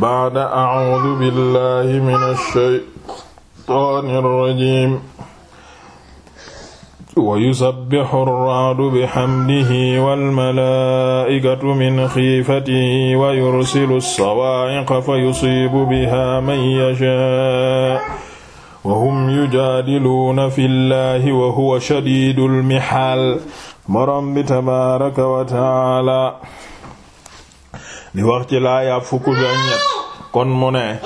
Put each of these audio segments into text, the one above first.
ba'da a'uudu billahi mina shaytaani rajiim wa yusabbihu ar-ra'du bihamdihi wal malaa'ikatu min xiifatihi wa yursilu as-sawaa'iqa fa yusiibu bihaa man yashaa' wa hum yujaadiluuna fillaahi wa huwa shadiidul mihaal morom bi tabaaraka wa ta'aala di wax ci laaya fukk ak ñett kon mu ne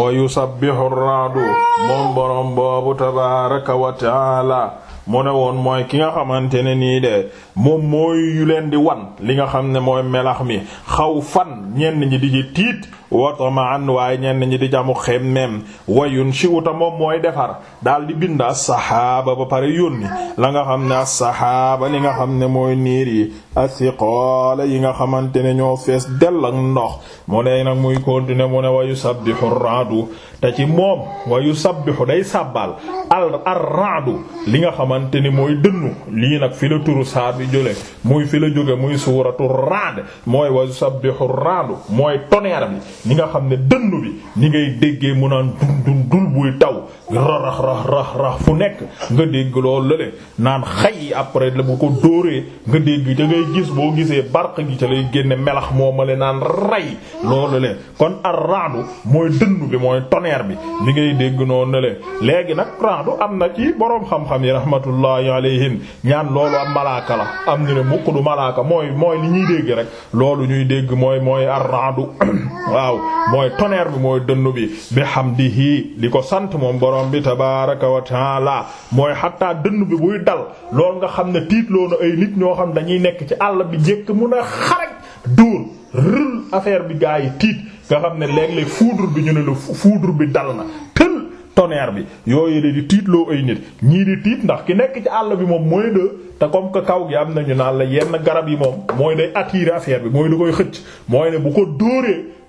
wa yusabbihu raadu moom borom boobu tabaaraka wa taala mu ne woon mooy ki nga xamante ne nii de moom mooy yu leen di wan li nga xam ne mooy melax mi xaw fan ñenn ñi di tiit wa tamaan waaye ñenn ñi di jamu xemmeem wayun shiwuta moom mooy defar daal di bind as ba pare yónni la nga xam ne as-saxaaba li nga xam ne mooy niir yi asiqaala yi nga xamante ne ñoo fees dell ak ndox mu ne nag muy continuer mu ne wayu sabbihu raadu te ci moom wayu sabbihu day sàbbal al ar raadu li nga xamante ne mooy dënnu lii nag fi la turu saa bi jole muy fi la jóge muy suuratu raad mooy wayu sabbihu raadu mooy tonnerre bi ni nga xam ne dënn bi ni ngay déggee mu naan dun dun dul buy taw rax rax rax fu nekk nga dégg loolu la le naan xay après la bu ko dóoree nga dégg da ngay gis boo gisee barq gi ca lay génne melax moo ma naan ray loolu le kon ar raadu mooy dënn bi mooy tonnerre bi ni ngay dégg noonu le léegi nag raadu am na ci boroom xam-xam yi rahmatullahi alayhim ñaan loolu am malaaka la am ñu ne mukk du malaaka mooy mooy li ñuy dégg rek loolu ñuy dégg mooy mooy ar dal mooy tonnerre bi mooy dënnu bi bi hamdihi di ko sant moom borom bi tabaaraka wa taala mooy xattaa dënn bi buy dal lool nga xam ne tiitloo na ay nit ñoo xam dañuy nekk ci àll bi jekk mun a xaraj duur rël affaire bi gaa yi tiit nga xam ne léeg-léeg foudre bi ñu ne la foudre bi dal na tël tonnerre bi yooyu de di tiitloo ay nit ñii di tiit ndax ki nekk ci àll bi moom mooy de te comme que kaw gi am nañu naan la yenn garab yi moom mooy day attirer affaire bi mooy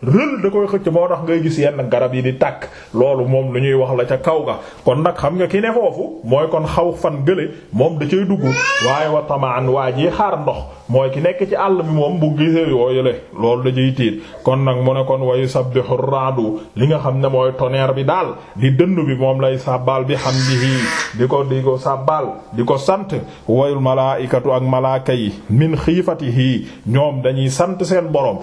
rël da koy xëcc moo tax ngay gis yenn garab yi di tàkk loolu moom lu ñuy wax la ca kaw ga kon nag xam nga ki ne foofu mooy kon xaw fan gële moom da cay dugg waaye wa tamaan waa ji xaar ndox mooy ki nekk ci àll bi moom bu gisee yooyule loolu da ciy tiit kon nag mu ne kon wayu sabbihu raadu li nga xam ne mooy tonnerre bi daal di dënd bi moom lay sàbbaal bi xam bi hamdihi di ko di ko sàbbaal di ko sant wayul malaikatu ak malaaka yi min xiifatihi ñoom dañuy sant seen borom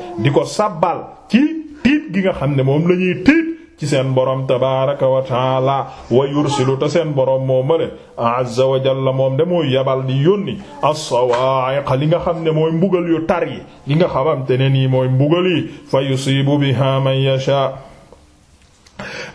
tiit gi nga xam ne moom la ñuy tiit ci seen borom tabaaraka wa taala wa yursilu ta seen borom moo male azza wa jalla moom de mooy yabal di yónni as-sawaa'iqa li nga xam ne mooy mbugal yu tar yi li nga xamante ne nii mooy mbugal yi fa yusiibu biha man yashaa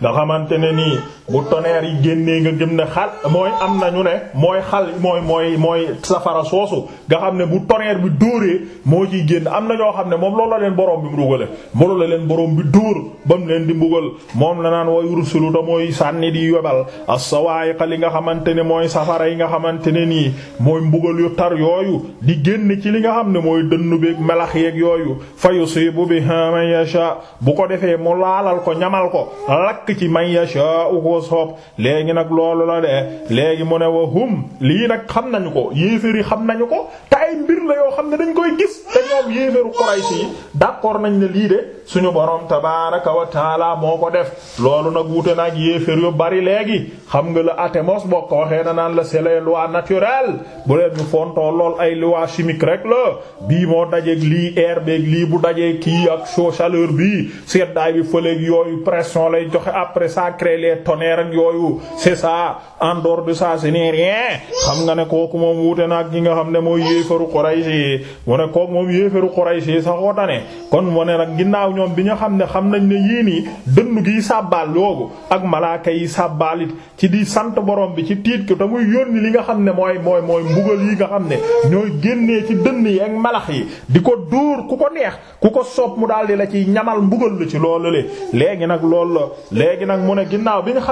nga xamante ne nii bu tonnerre yi génnee nga gëm ne xal mooy am na ñu ne mooy xal mooy mooy mooy safara soosu nga xam ne bu tonnerre bi dóoree moo ciy génn am na ñoo xam ne moom loolu la leen borom bi rugale loolu la leen borom bi dóor ba mu leen di mbugal moom la naan wa yursulu da mooy sànni di yobal as-sawaa'iq li nga xamante ne mooy safara yi nga xamante ne nii mooy mbugal yu tar yooyu di génn ci li nga xam ne mooy dënnu beeg melax yeeg yooyu fa yusibu biha man yasha bu ko defee mu laalal ko ñamal ko lakk ci man yasha ko soob léegi nag loolu la de léegi mu ne wa hum lii nag xam nañu ko yéeféer yi xam nañu ko te ay mbir la yoo xam ne dañ koy gis te ñoom yéeféeru Quraysh yi d'accord nañ ne lii de suñu borom tabaaraka wa taala moo ko def loolu nag wute nag yéeféer yu bari léegi xam nga la atemos boo ko waxee na naan la c'est les lois naturelles bu leen ñu fontoo lool ay lois chimiques rek la bii moo dajeeg lii air beeg lii bu dajee kii ak chaud chaleur bii seddaay bi fëleeg yooyu pression lay joxe après ça crée les tonnerres partenaire ak yooyu c'est en dehors de ça ce n'est xam nga ne kooku moom wuute na ak ñi nga xam ne mooy yéefaru Quraysh yi mu ne kooku moom yéefaru Quraysh yi sax woo tane kon mu ne nag ginnaaw ñoom bi ñu xam ne xam nañ ne yii nii dënn gi sàbbaal loogu ak malaaka yi sàbbaalit ci di sant borom bi ci tiit ko te muy yónni li nga xam ne mooy mooy mooy mbugal yi nga xam ne ñooy génnee ci dënn yi ak malax yi di ko dóor ku ko neex ku ko soob mu daldi la ci ñamal mbugal la ci loolu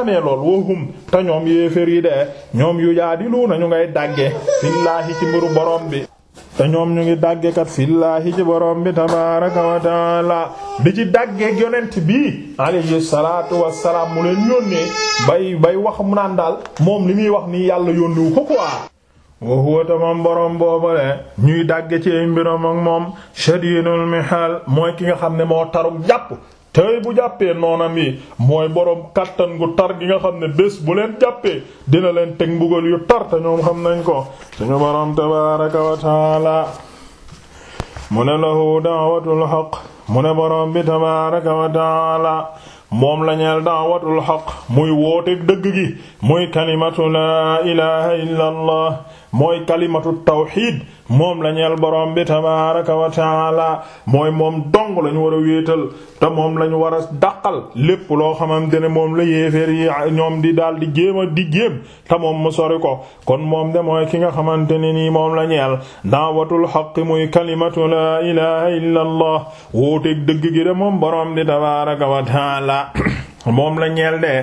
amee lool wahum te ñoom yéefér yi ñoom yu jaadiluuna nañu ngay dàgge fillaahi ci mbiru borom bi te ñoom ñu ngi dàggekat fillaahi ci borom bi tabaaraka wa taala bi ci dàggeeg yonent bi alayhi salaatu wassalaam mu leen yónnee bay bay wax mu naan daal moom li muy wax nii yàlla yónniwu ko quoi wahuwa tamam borom boobale ñuy dàgge ci ay mbiram ak moom shadidul mihal mooy ki nga xam ne moo taruk jàpp tey bu jàppee noonam yi mooy borom kattan gu tar gi nga xam ne bés bu leen jàppee dina leen teg mbugal yu tar te ñoom xam nañ ko suñu borom tabaaraka wa taala mu ne lahu daawatul xaq mu ne borom bi tabaaraka wa taala moom la ñeel daawatul xaq muy wooteeg dëgg gi muy kalimatu laa ilaha illa allah mooy kalimatu tawxiid moom la ñeel borom bi tabaaraka wa taala mooy moom dong lañu war a wéetal te moom lañu war a dàqal lépp loo xamante ne moom la yéeféer yi ñoom di daal di jéem a di jéem te moom mu sori ko kon moom de mooy ki nga xamante ne nii moom la ñeel daawatul xaq muy kalimatu laa ilaha illa allah dëgg gi de moom borom bi tabaaraka wa taala moom la ñeel de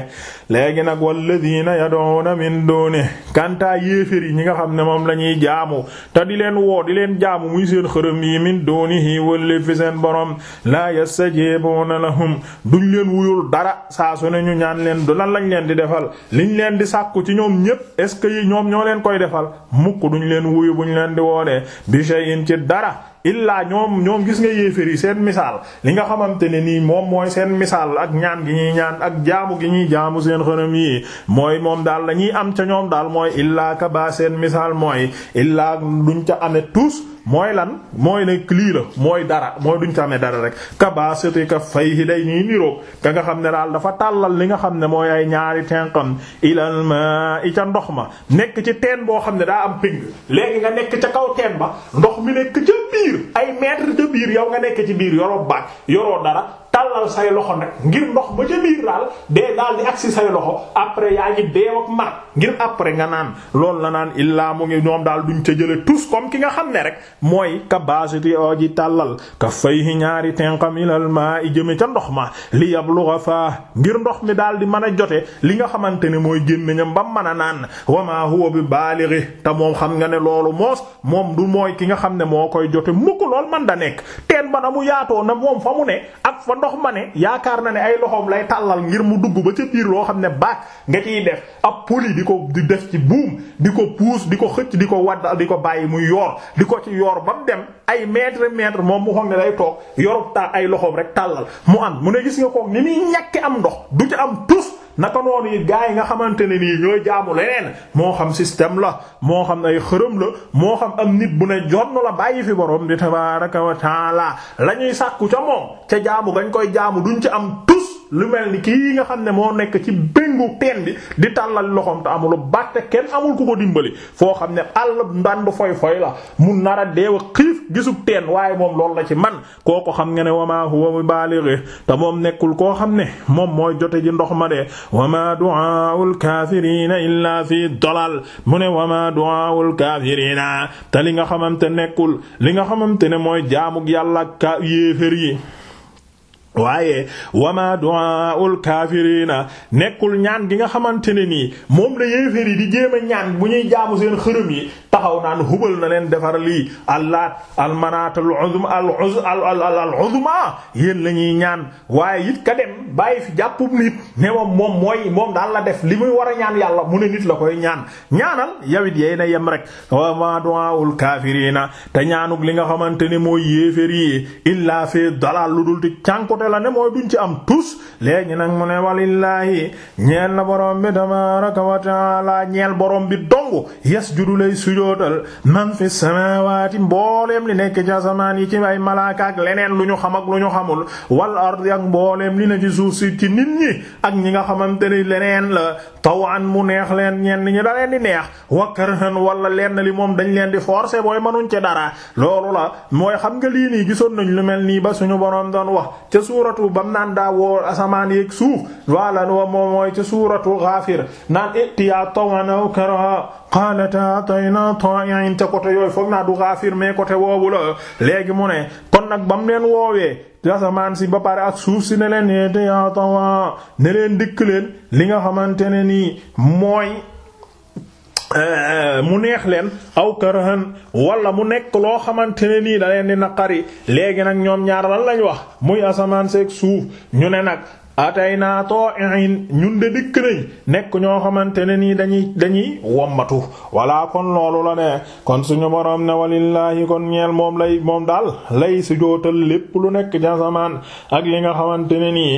léegi nag walladina yad'una min duni kantaa yéefér yi ñi nga xam ne moom la ñuy jaamu te di leen woo di leen jaamu muy seen xërëm yi min dunihi wëlle fi seen borom laa yastajibuna lahum duñ leen wuyul dara saa su ne ñu ñaan leen du la lañ leen di defal liñ leen di sàkku ci ñoom ñépp est ce que yi ñoom ñoo leen koy defal mukk duñ leen wuyu buñ leen di woodee bi shay'in ci dara illaa ñoom ñoom gis nga yéefér yi seen misaal li nga xamante ne nii moom mooy seen misaal ak ñaan gi ñuy ñaan ak jaamu gi ñuy jaamu seen xërëm yi mooy moom daal la ñuy am ca ñoom daal mooy illaa ka ba seen misaal mooy illaa duñ ca amee tous mooy lan mooy ne lii la mooy dara mooy duñ ca amee dara rek kabasati ka fayhi day ñuy niroog ka nga xam ne daal dafa tàllal li nga xam ne mooy ay ñaari tenqam ilal ma i ca ndox ma nekk ci teen boo xam ne daa am péng léegi nga nekk ca kaw teen ba ndox mi nekk ca biir mettre de biir yow nga nekk ci biir yoroo baag yoroo dara tàllal say loxo nag ngir ndox ba ca biir daal dee daal di say loxo après yaa ngi deew ak mar ngir après nga naan loolu la naan illaa mu ngi ñoom daal duñ ca jële tous comme ki nga xam ne rek mooy ka basiti oo ji tàllal ka fayhi ñaari tenqam ilal maa i jëme ca ndox ma li yablugha faa ngir ndox mi daal di mën a jote li nga xamante ne mooy gémmiñam ba mën a naan wa maa bi baalighi te moom xam nga ne loolu moos moom du mooy ki nga xam ne moo koy jote mukk lool man da nekk fa ndox ma ne yaakaar na ne ay loxoom lay tàllal ngir mu dugg ba ca piir loo xam ne baax nga ciy def ab poli di ko di def ci buum di ko puus di ko xëcc di ko wadd di ko bàyyi muy yoor di ko ci yoor ba mu dem ay mètre mètre moom mu xoog ne lay toog yorub taal ay loxoom rek tàllal mu am mu ne gis nga kook ni muy ñàkke am ndox du ci am tus naka noonu yi gaa yi nga xamante ne nii ñooy jaamu leneen moo xam système la moo xam ay xërëm la moo xam am nit bu ne jonn la bàyyi fi borom di tabaaraka wa taala la ñuy sàkku ca moom ca jaamu gañ koy jaamu duñ ci am tus lu mel ni kii nga xam ne moo nekk ci béngu teen bi di tàllal loxoom te amul bàtte kenn amul ku ko dimbali foo xam ne àll ndànd foy foy la mu nar a deew xiif gisub teen waaye moom loolu la ci man kooko xam nga ne wama huwa bi baalighi te moom nekkul koo xam ne moom mooy jote ji ndox ma de wama du'aa'ul kaafiriina illaa fi dalal mu ne wama du'aa'ul kaafiriina te li nga xamante nekkul li nga xamante ne mooy jaamuk yàlla ka yéefér yi waaye wama du'aul kafirina nekkul ñaan gi nga xamante ne nii moom la yéeféer yi di jéem a ñaan bu ñuy jaamu seen xërëm yi taxaw naan hubal na leen defar lii allaat almanaat aluzma aluzma yéen la ñuy ñaan waaye it ka dem bàyyi fi jàppub nit ne moom moom mooy moom daal la def li muy war a ñaan yàlla mu ne nit la koy ñaan ñaanal yawit yey na yem rek wa ma du'aul kafirina te ñaanuk li nga xamante ne mooy yéefér yi illa fi dalal lu dul ti cànkote la ne mooy duñ ci am tus léegi nag mu ne walillahi ñeel la borom bi tabaraka wa taala ñeel borom bi dong yasjudu lay sujóot sujjóotal man fi samaawaati mbooleem li nekk ci asamaan yi ci lu ñu xam ak lu ñu xamul wal ardi ak mbooleem li na ci suuf si ci nit ak ñi nga xamante ni leneen la tawan mu neex leen ñenn ñi la leen di neex wa karhan wala lenn li moom dañ leen di forcer booy mënuñ ci dara loolu la mooy xam nga lii nii gisoon nañ lu mel nii ba suñu borom doon wax ca suuratu bam naan daa woo asamaan yeeg suuf wala wa moom mooy ca suuratu Ghaafir naan ittiya tawan aw karha ton qaalata atayna ta'i'in te côté yooyu foog naa du Gaafir mais côté woowu la léegi mu ne kon nag ba mu leen woowee asamaan si ba pare ak suuf si ne leen yeete yaa tawa ne leen dikk leen li nga xamante ne nii mooy eh, mu neex leen aw karahan wala mu nekk loo xamante ne nii da leen di naqari léegi nag ñoom ñaar lal lañ wax muy asamaan seeg suuf ñu ne nag atay naa too in ñun de dikk nañ nekk ñoo xamante ne nii dañuy dañuy wommatu walla kon loolu la ne kon suñu borom ne walillaahi kon ñeel moom lay moom daal lay si jootal lépp lu nekk jasamaan ak li nga xamante ne nii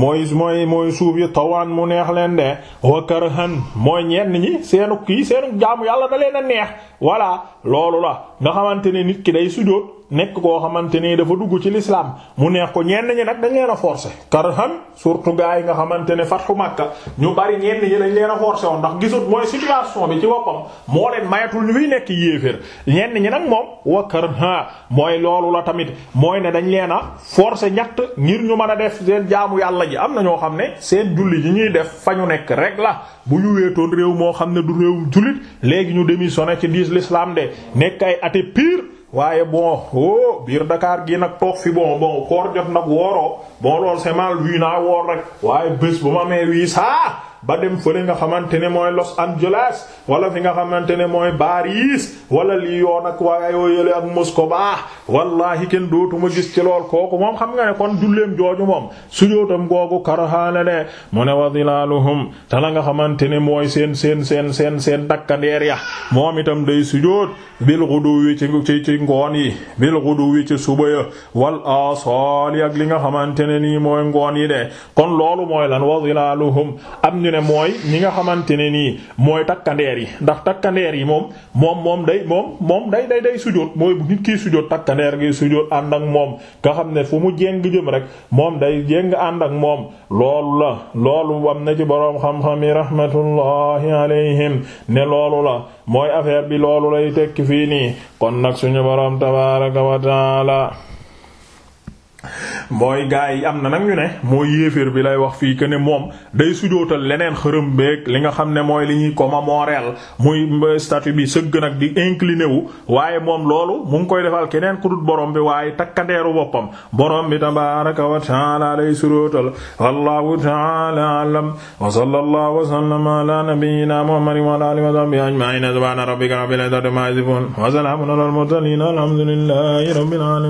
mooy mooy mooy suuf yi tawaan mu neex leen de wa karhan mooy ñenn ñi seenu kii seenu jaamu yàlla da leen neex voilà loolu la nga xamante ne nit ki day sujjóot nekk koo xamante ni dafa dugg ci lislaam mu neex ko ñenn ñi nag dañ leen a forcer karhan surtout gaa yi nga xamante ne fatxu Makka ñu bari ñenn ñi dañ leen a forcer ndax gisut mooy situation bi ci boppam moo leen mayatul ñu fiy nekk yéeféer ñenn ñi nag moom wa karha mooy loolu la tamit mooy ne dañ leen a forcer ñett ngir ñu mën a def seen jaamu yàlla ji am na ñoo xam ne seen julli ji ñuy def fa ñu nekk rek la bu ñu weetoon réew moo xam ne du réew léegi ñu démissionné ci diis l'islam waaye bon oh biir Dakar gi nag toog fi bon bon koor jot nag wooroo bon loolu c'est mal naa woor rek waaye bés bu ma mee wii saa ba dem fële nga xamante ne mooy Los Angeles wala fi nga xamante ne mooy Paris wala Lyon ak waa yoo yële ak Moscou ba wallahi kenn dootuma gis ci lool kooku moom xam nga ne kon julleem jooju moom sujootam googu karxaana ne mu ne wa dilaaluhum te la nga xamante ne mooy seen seen seen seen seen dakkandeer ya moom itam day sujoot bil ghuduwi ci ci ci ngoon yi bil ci suba ya wal asaali ak li nga xamante ne nii mooy ngoon yi de kon loolu mooy lan wa dilaaluhum am ñu ne mooy ñi nga xamante ne nii mooy takkandeer yi ndax takkandeer yi moom moom moom day moom moom day day day sujóot mooy bu nit kii sujóot takkandeer gi sujóot ànd ak moom nga xam ne fu mu jéng jëm rek moom day jéng ànd ak moom loolu la loolu wam na ci boroom xam-xam yi rahmatullahi alayhim ne loolu la mooy affaire bi loolu lay tekki fii nii kon nag suñu boroom tabaaraka wa taala mooy gaa yi am na nag ñu ne mooy yéeféer bi lay wax fii que ne moom day sujootal leneen xërëm beeg li nga xam ne mooy li ñuy commémorer muy statue bi sëgg nag di incliné wu waaye moom loolu mu koy defal keneen ku boroom bi waaye takkandeeru boppam boroom bi tabaaraka wa taala lay sujootal wallahu taala alam wa sallallahu wa sallama ala nabiyyina muhammadin wa ala alihi wa sahbihi ajma'in subhana rabbika rabbil izzati amma yasifun wa salamun ala al mursalin alhamdulillahi rabbil